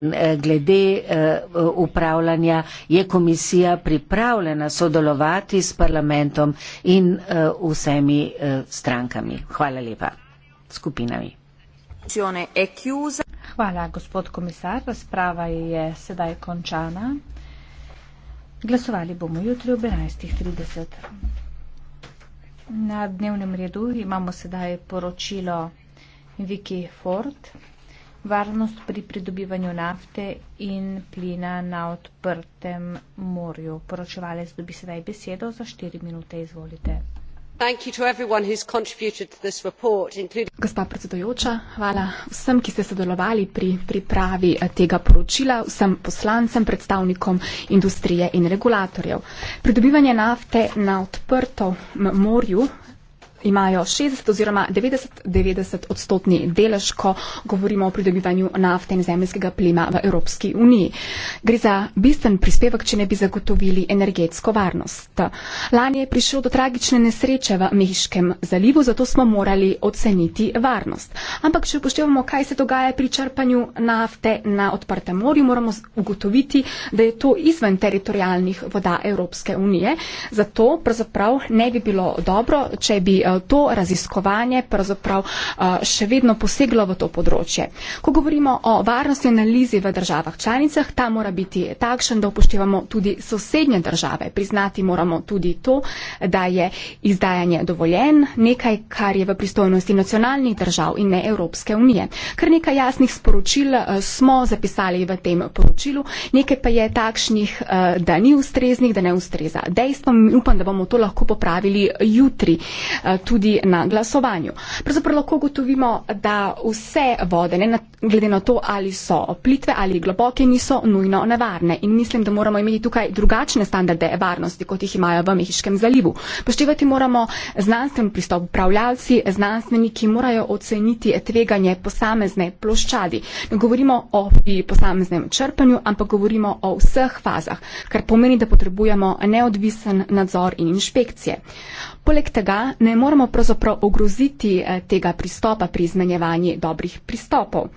Eh, glede eh, upravljanja je komisija pripravljena sodelovati s parlamentom in eh, vsemi strankami. Hvala lepa. Skupinami. Hvala, gospod komisar. Razprava je sedaj končana. Glasovali bomo jutri ob 11.30. Na dnevnem redu imamo sedaj poročilo Viki Ford varnost pri pridobivanju nafte in plina na odprtem morju. Poročevalec dobi sedaj besedo za štiri minute, izvolite. Gospa predsedojoča, hvala vsem, ki ste sodelovali pri pripravi eh, tega poročila, vsem poslancem, predstavnikom industrije in regulatorjev. Pridobivanje nafte na odprtem morju imajo 60 oziroma 90-90 odstotni delež, ko govorimo o pridobivanju nafte in zemljskega plina v Evropski uniji. Gre za bistven prispevek, če ne bi zagotovili energetsko varnost. Lani je prišlo do tragične nesreče v Mehiškem zalivu, zato smo morali oceniti varnost. Ampak, če upoštevamo, kaj se dogaja pri črpanju nafte na odprtem morju, moramo ugotoviti, da je to izven teritorijalnih voda Evropske unije. Zato pravzaprav ne bi bilo dobro, če bi Eh, to raziskovanje pravzaprav eh, še vedno poseglo v to področje. Ko govorimo o varnostni analizi v državah članicah, ta mora biti takšen, da upoštevamo tudi sosednje države. Priznati moramo tudi to, da je izdajanje dovoljen nekaj, kar je v pristojnosti nacionalnih držav in ne Evropske unije. Kar nekaj jasnih sporočil eh, smo zapisali v tem poročilu, nekaj pa je takšnih, da ni ustreznih, da ne ustreza dejstvom. Upam, da bomo to lahko popravili jutri, tudi na glasovanju. Pravzaprav lahko gotovimo, da vse vode, ne glede na to, ali so plitve ali globoke, niso nujno nevarne. In mislim, da moramo imeti tukaj drugačne standarde varnosti, kot jih imajo v Mehiškem zalivu. Poštevati moramo znanstven pristop upravljalci, znanstveniki morajo oceniti tveganje posamezne ploščadi. Ne govorimo o posameznem črpanju, ampak govorimo o vseh fazah, kar pomeni, da potrebujemo neodvisen nadzor in inšpekcije. Poleg tega ne moremo moramo pravzaprav ogroziti eh, tega pristopa pri izmenjevanju dobrih pristopov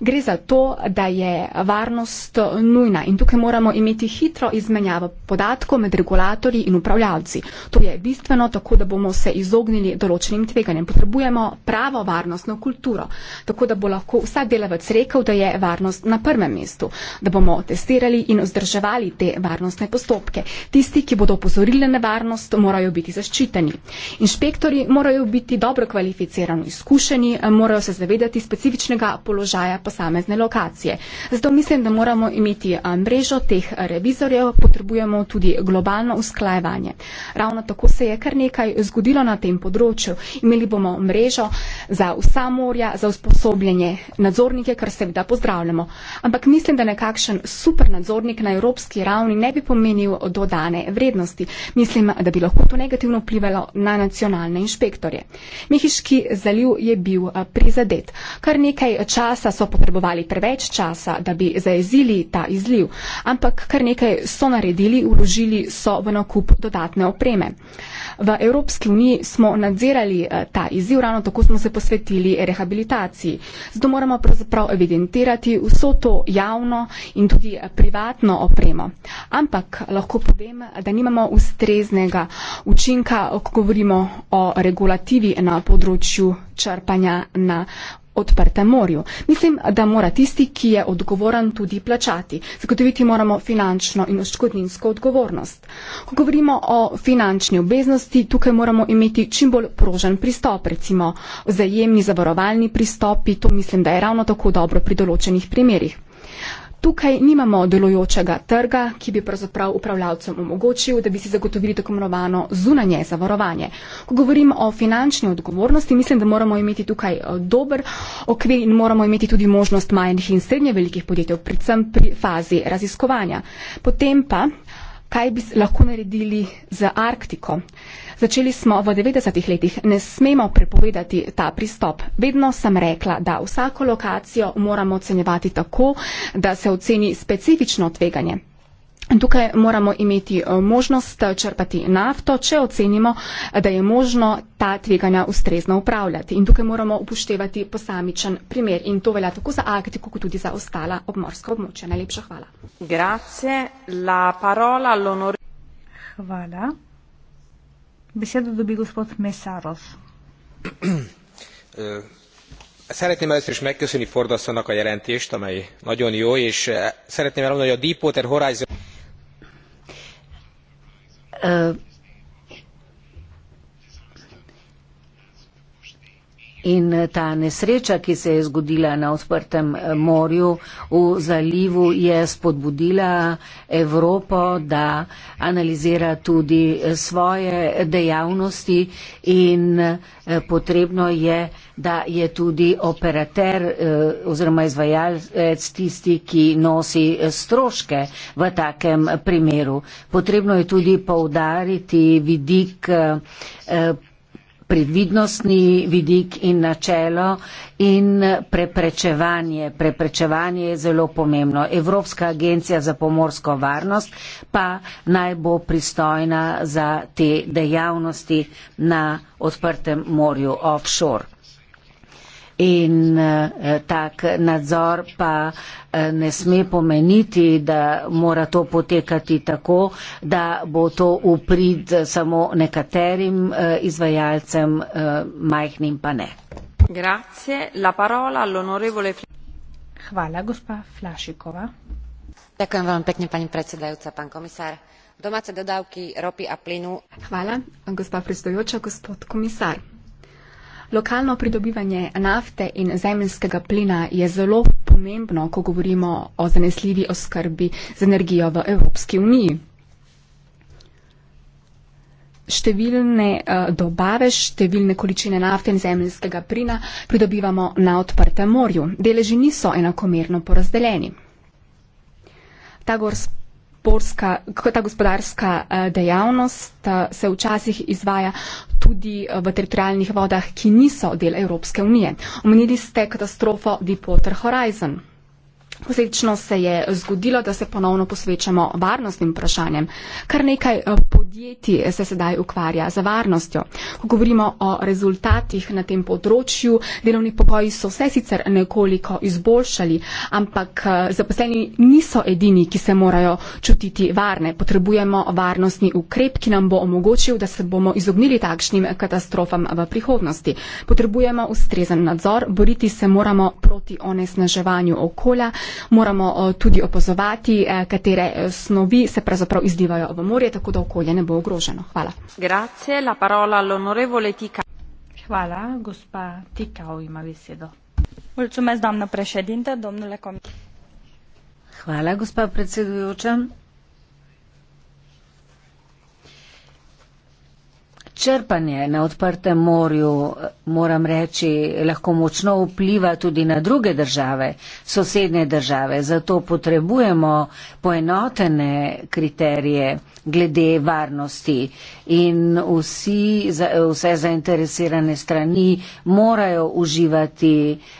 gre za to, da je varnost nujna in tukaj moramo imeti hitro izmenjavo podatkov med regulatorji in upravljavci. To je bistveno, tako da bomo se izognili določenim tveganjem. Potrebujemo pravo varnostno kulturo, tako da bo lahko vsak delavec rekel, da je varnost na prvem mestu, da bomo testirali in vzdrževali te varnostne postopke. Tisti, ki bodo opozorili na varnost, morajo biti zaščiteni. Inšpektori morajo biti dobro kvalificirani, izkušeni, morajo se zavedati specifičnega položaja posamezne lokacije. Zato mislim, da moramo imeti mrežo teh revizorjev, potrebujemo tudi globalno usklajevanje. Ravno tako se je kar nekaj zgodilo na tem področju. Imeli bomo mrežo za vsa morja, za usposobljenje nadzornike, kar seveda pozdravljamo. Ampak mislim, da nekakšen super nadzornik na evropski ravni ne bi pomenil dodane vrednosti. Mislim, da bi lahko to negativno vplivalo na nacionalne inšpektorje. Mehiški zaliv je bil prizadet. Kar nekaj časa so potrebovali preveč časa, da bi zaezili ta izliv, ampak kar nekaj so naredili, uložili so v nakup dodatne opreme. V Evropski uniji smo nadzirali eh, ta izziv, ravno tako smo se posvetili rehabilitaciji. Zato moramo pravzaprav evidentirati vso to javno in tudi eh, privatno opremo. Ampak lahko povem, da nimamo ustreznega učinka, ko govorimo o regulativi na področju črpanja na odprtem morju. Mislim, da mora tisti, ki je odgovoren, tudi plačati. Zagotoviti moramo finančno in oškodninsko odgovornost. Ko govorimo o finančni obveznosti, tukaj moramo imeti čim bolj prožen pristop, recimo vzajemni zavarovalni pristopi, to mislim, da je ravno tako dobro pri določenih primerjih tukaj nimamo delojočega trga, ki bi pravzaprav upravljavcem omogočil, da bi si zagotovili tako imenovano zunanje zavarovanje. Ko govorim o finančni odgovornosti, mislim, da moramo imeti tukaj eh, dober okvir in moramo imeti tudi možnost majhnih in srednje velikih podjetij, predvsem pri fazi raziskovanja. Potem pa kaj bi lahko naredili za Arktiko. Začeli smo v 90-ih letih, ne smemo prepovedati ta pristop. Vedno sem rekla, da vsako lokacijo moramo ocenjevati tako, da se oceni specifično tveganje. Tukaj moramo imeti eh, možnost eh, črpati nafto, če ocenimo, eh, da je možno ta tveganja ustrezno upravljati. In tukaj moramo upoštevati posamičen primer. In to velja tako za Arktiko, kot tudi za ostala obmorska območja. Najlepša hvala. Grazie. La parola all'onore. Hvala. Besedo dobi gospod Mesaros. Szeretném először is megköszönni Fordasszonnak a jelentést, amely nagyon jó, és szeretném elmondani, hogy a Deepwater Horizon uh, ta nesreča, ki se je zgodila na odprtem eh, morju v zalivu, je spodbudila Evropo, da analizira tudi eh, svoje dejavnosti in eh, potrebno je, da je tudi operater oziroma izvajalec tisti, ki nosi stroške v takem primeru. Potrebno je tudi poudariti vidik previdnostni vidik in načelo in preprečevanje. Preprečevanje je zelo pomembno. Evropska agencija za pomorsko varnost pa naj bo pristojna za te dejavnosti na odprtem morju offshore in eh, tak nadzor pa eh, ne sme pomeniti, da mora to potekati tako, da bo to uprid samo nekaterim eh, izvajalcem, eh, majhnim pa ne. Grazie. La parola all'onorevole Hvala, gospa Flašikova. Ďakujem veľmi pekne, pani predsedajúca, pán komisár. Domáce dodávky ropy a plynu. Hvala, gospa predsedajúca, gospod komisár. Lokalno pridobivanje nafte in zemljskega plina je zelo pomembno, ko govorimo o zanesljivi oskrbi z energijo v Evropski uniji. Številne eh, dobave, številne količine nafte in zemljskega plina pridobivamo na odprtem morju. Deleži niso enakomerno porazdeljeni. Ta gospodarska, ta gospodarska eh, dejavnost eh, se včasih izvaja tudi eh, v teritorijalnih vodah, ki niso del Evropske unije. Omenili ste katastrofo Deepwater Horizon. Posledično se je zgodilo, da se ponovno posvečamo varnostnim vprašanjem. Kar nekaj eh, podjetij se sedaj ukvarja z varnostjo. Ko govorimo o rezultatih na tem področju, delovni pogoji so se sicer nekoliko izboljšali, ampak eh, zaposleni niso edini, ki se morajo čutiti varne. Potrebujemo varnostni ukrep, ki nam bo omogočil, da se bomo izognili takšnim katastrofam v prihodnosti. Potrebujemo ustrezen nadzor, boriti se moramo proti onesnaževanju okolja, moramo tudi opazovati, e, katere e, snovi se pravzaprav izlivajo v morje, tako da okolje ne bo ogroženo. Hvala. Grazie, Hvala, gospa Tikao ima besedo. Hvala, gospa predsedujoča. Črpanje na odprtem morju, moram reči, lahko močno vpliva tudi na druge države, sosednje države, zato potrebujemo poenotene kriterije glede varnosti in vsi, vse zainteresirane strani morajo uživati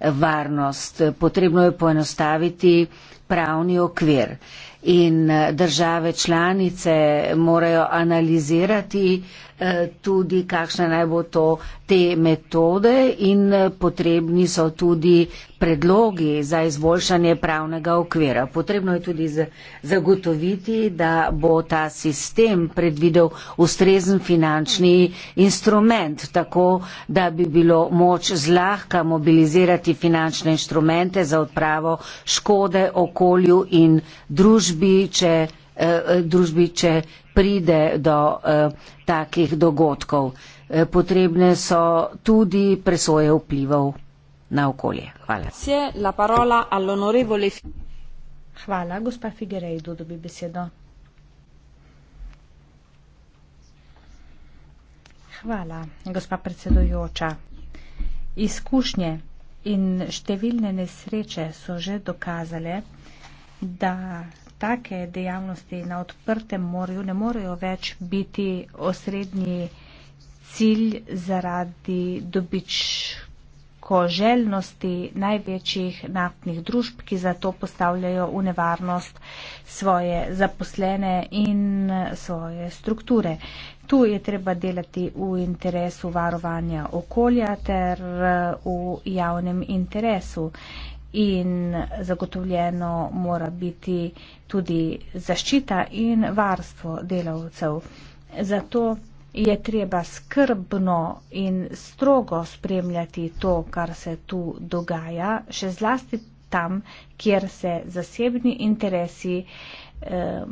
varnost. Potrebno je poenostaviti pravni okvir in eh, države članice morajo analizirati eh, tudi, kakšne naj bo to te metode in eh, potrebni so tudi predlogi za izboljšanje pravnega okvira. Potrebno je tudi zagotoviti, da bo ta sistem predvidel ustrezen finančni instrument, tako da bi bilo moč zlahka mobilizirati finančne inštrumente za odpravo škode okolju in družbi družbi, če, eh, eh, družbi, če pride do eh, takih dogodkov. Potrebne so tudi presoje vplivov na okolje. Hvala. Hvala, gospa Figerejdu, da bi besedo. Hvala, gospa predsedujoča. Izkušnje in številne nesreče so že dokazale, da take dejavnosti na odprtem morju ne morejo več biti osrednji cilj zaradi dobičkoželjnosti največjih naftnih družb, ki zato postavljajo v nevarnost svoje zaposlene in svoje strukture. Tu je treba delati v interesu varovanja okolja ter eh, v javnem interesu in zagotovljeno mora biti tudi zaščita in varstvo delavcev. Zato je treba skrbno in strogo spremljati to, kar se tu dogaja, še zlasti tam, kjer se zasebni interesi eh,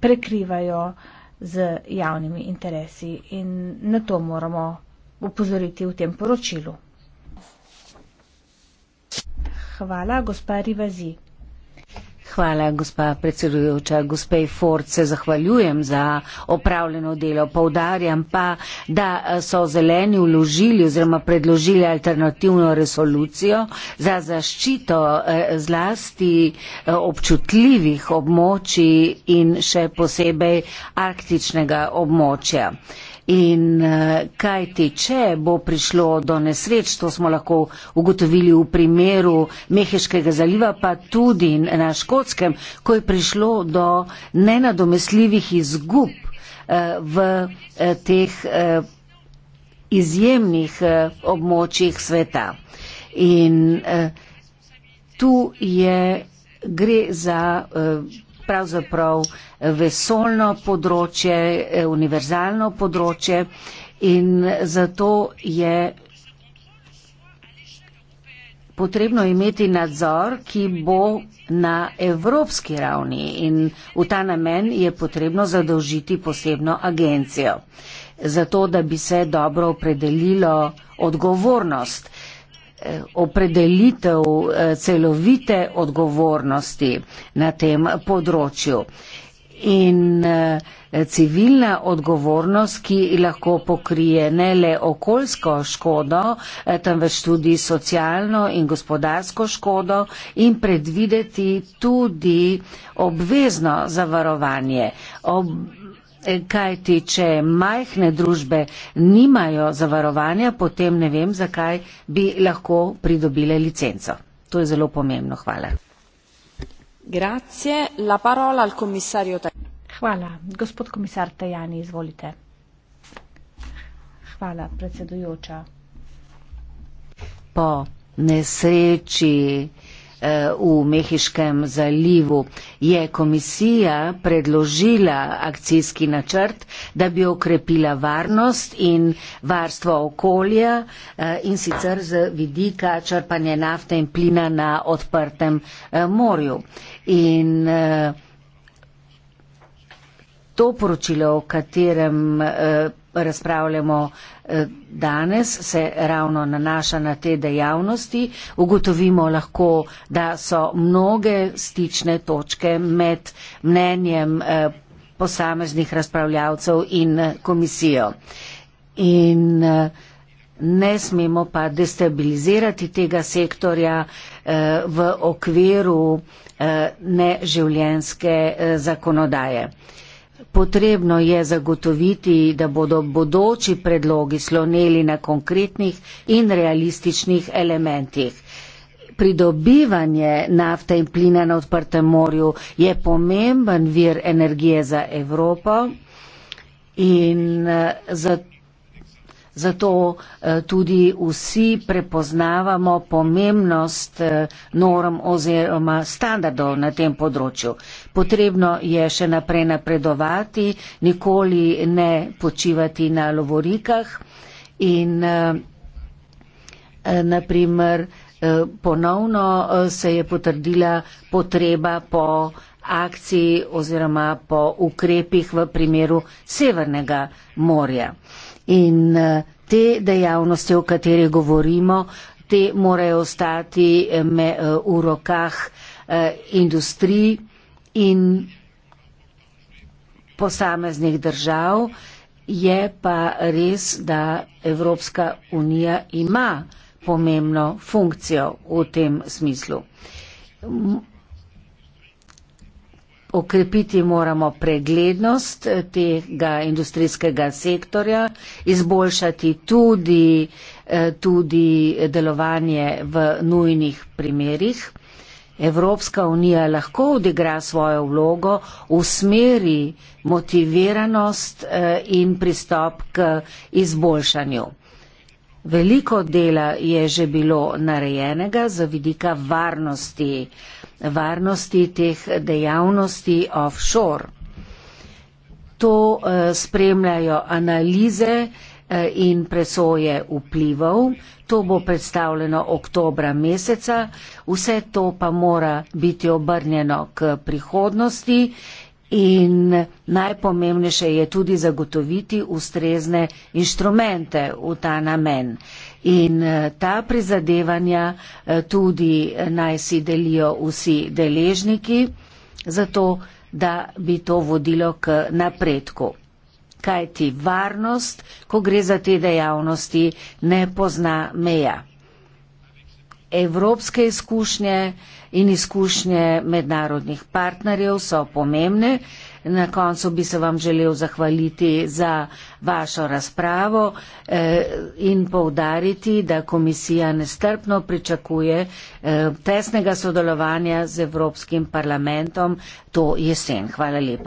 prekrivajo z javnimi interesi in na to moramo upozoriti v tem poročilu. Hvala, gospa Rivazi. Hvala, gospa predsedujoča. Gospej Ford se zahvaljujem za opravljeno delo. Povdarjam pa, da eh, so zeleni vložili oziroma predložili alternativno resolucijo za zaščito eh, zlasti eh, občutljivih območij in še posebej arktičnega območja. In eh, kaj ti, če bo prišlo do nesreč, to smo lahko ugotovili v primeru Meheškega zaliva, pa tudi na Škotskem, ko je prišlo do nenadomesljivih izgub eh, v eh, teh izjemnih območjih sveta. In tu je, gre za pravzaprav vesolno področje, eh, univerzalno področje in zato je potrebno imeti nadzor, ki bo na evropski ravni in v ta namen je potrebno zadolžiti posebno agencijo, zato da bi se dobro opredelilo odgovornost Eh, opredelitev eh, celovite odgovornosti na tem področju. In eh, civilna odgovornost, ki lahko pokrije ne le okoljsko škodo, temveč tudi socialno in gospodarsko škodo in predvideti tudi obvezno zavarovanje. Ob kaj ti, če majhne družbe nimajo zavarovanja, potem ne vem, zakaj bi lahko pridobile licenco. To je zelo pomembno. Hvala. Grazie. La parola al commissario Tajani. Hvala. Gospod komisar Tajani, izvolite. Hvala, predsedujoča. Po nesreči. Eh, v Mehiškem zalivu. Je komisija predložila akcijski načrt, da bi okrepila varnost in varstvo okolja eh, in sicer z vidika črpanja nafte in plina na odprtem eh, morju. In to poročilo, o katerem razpravljamo eh, danes, se ravno nanaša na te dejavnosti. Ugotovimo lahko, da so mnoge stične točke med mnenjem eh, posameznih razpravljavcev in eh, komisijo. In ne smemo pa destabilizirati tega sektorja v okviru neživljenske zakonodaje. Potrebno je zagotoviti, da bodo bodoči predlogi sloneli na konkretnih in realističnih elementih. Pridobivanje nafte in plina na odprtem morju je pomemben vir energije za Evropo in eh, zato zato eh, tudi vsi prepoznavamo pomembnost eh, norm oziroma standardov na tem področju. Potrebno je še naprej napredovati, nikoli ne počivati na lovorikah in eh, naprimer ponovno se je potrdila potreba po akciji oziroma po ukrepih v primeru Severnega morja. In eh, te dejavnosti, o katerih govorimo, te morajo ostati eh, eh, v rokah industriji in posameznih držav. Je pa res, da Evropska unija ima pomembno funkcijo v tem smislu okrepiti moramo preglednost eh, tega industrijskega sektorja, izboljšati tudi, eh, tudi delovanje v nujnih primerjih. Evropska unija lahko odigra svojo vlogo v smeri motiviranost eh, in pristop k izboljšanju. Veliko dela je že bilo narejenega za vidika varnosti varnosti teh dejavnosti offshore. To eh, spremljajo analize eh, in presoje vplivov. To bo predstavljeno oktobra meseca. Vse to pa mora biti obrnjeno k prihodnosti In najpomembnejše je tudi zagotoviti ustrezne inštrumente v ta namen. In eh, ta prizadevanja eh, tudi eh, naj si delijo vsi deležniki, zato da bi to vodilo k napredku. Kajti varnost, ko gre za te dejavnosti, ne pozna meja evropske izkušnje in izkušnje mednarodnih partnerjev so pomembne. Na koncu bi se vam želel zahvaliti za vašo razpravo eh, in povdariti, da komisija nestrpno pričakuje eh, tesnega sodelovanja z Evropskim parlamentom to jesen. Hvala lepa.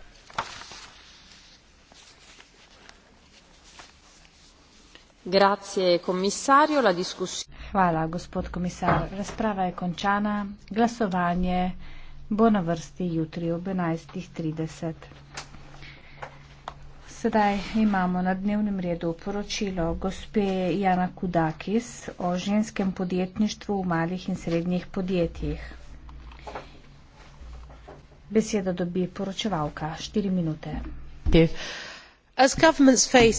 Grazie, commissario. La discussione. Hvala, gospod komisar. Razprava je končana. Glasovanje bo na vrsti jutri ob 11.30. Sedaj imamo na dnevnem redu poročilo gospe Jana Kudakis o ženskem podjetništvu v malih in srednjih podjetjih. Beseda dobi poročevalka. 4 minute. As governments face